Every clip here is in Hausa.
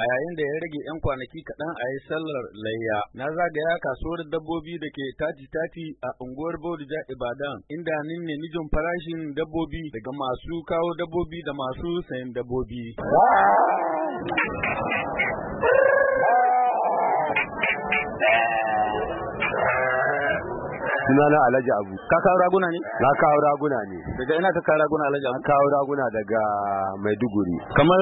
a yayin da ya rage 'yan kwanaki kaɗan a yi sallar layya na zagaya kasuwar dabbobi da ke tati tati a unguwar Bauduja, Ibadan inda nin ne nijin farashin dabbobi daga masu kawo dabbobi da masu sayan dabbobi. sunana alhaji abu ka kawo raguna ne na kawo raguna ne daga ina ka kawo raguna alhaji abu kawo raguna daga maiduguri kamar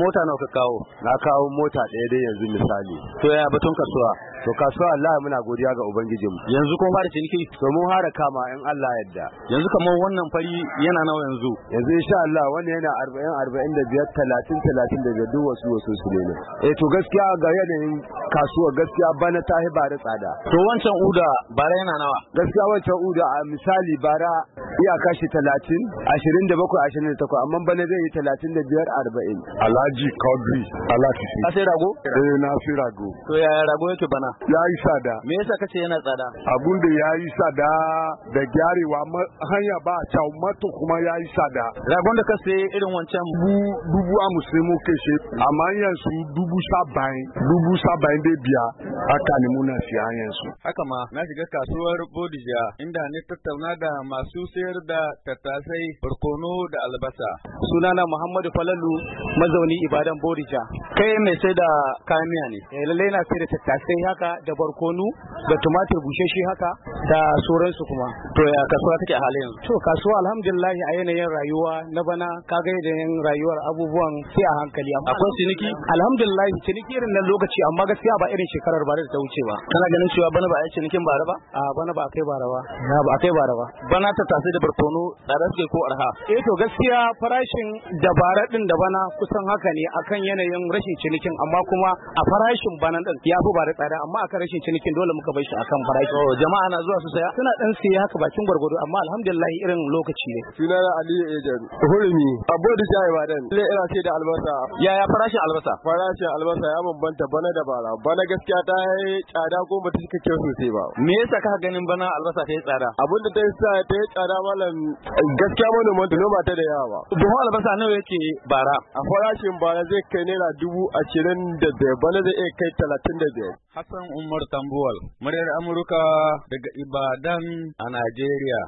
mota nawa ka kawo na kawo mota ɗaya dai yanzu misali to ya batun kasuwa to kasuwa Allah muna godiya ga ubangijin mu. yanzu kuma fara ciniki to mun fara kama in Allah yadda yanzu kamar wannan fari yana nawa yanzu yanzu insha Allah wani yana 40 45 30 da duk wasu wasu su ne eh to gaskiya ga yanayin kasuwa gaskiya bana ta hiba da tsada to wancan uda bara yana nawa gaskiya wancan uda a misali bara iya kashi 30 27 28 amma bana zai yi 35 40 Alhaji Kadri Alhaji Ka rago eh na Asirago rago to yaya rago yake bana ya yi sada. Me yasa kace yana tsada? Abun da ya yi sada da gyarewa hanya ba kyau mato kuma ya yi sada. Ragon da ka sayi irin wancan dubu amusin ke shi amma yanzu dubu saba'in dubu saba'in da biya a ne muna siya yanzu. Haka ma na shiga kasuwar Bodija inda ne tattauna da masu sayar da tattasai, barkono da albasa. Sunana Muhammadu Falalu mazauni Ibadan Bodija. kai mai sai da kamiya ne eh lalle na sai da tattasai haka da barkonu da tumatir shi haka da sauransu kuma to ya kasuwa take a halin yanzu to kasuwa alhamdulillah a yanayin rayuwa na bana ka kaga yanayin rayuwar abubuwan sai a hankali amma akwai ciniki alhamdulillah ciniki irin nan lokaci amma gaskiya ba irin shekarar ba da ta wuce ba kana ganin cewa bana ba a yi cinikin ba ba a bana ba a kai bara ba na ba a kai bara ba bana tattasai da barkonu da suke ko arha eh to gaskiya farashin dabara din da bana kusan haka ne akan yanayin rashin rashin cinikin amma kuma a farashin banan din ya fi ba da tsada amma kan rashin cinikin dole muka bai shi akan farashi jama'a na zuwa su saya suna dan siya haka bakin gwargwado amma alhamdulillah irin lokaci ne suna na aliyu ejen hurumi abu da ba ibadan sai ina ce da albasa yaya farashin albasa farashin albasa ya bambanta bana da bara bana gaskiya ta yi tsada ko ba ta cika kyau sosai ba me yasa ka ganin bana albasa ta yi tsada abin da ta yi sa ta yi tsada malam gaskiya manoman da noma ta da yawa ba buhun albasa nawa yake bara a farashin bara zai kai naira dubu dubu ashirin da biyar bana zai iya kai talatin da biyar. Hassan Umar Tambuwal, muryar Amurka daga Ibadan a Najeriya.